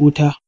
wuta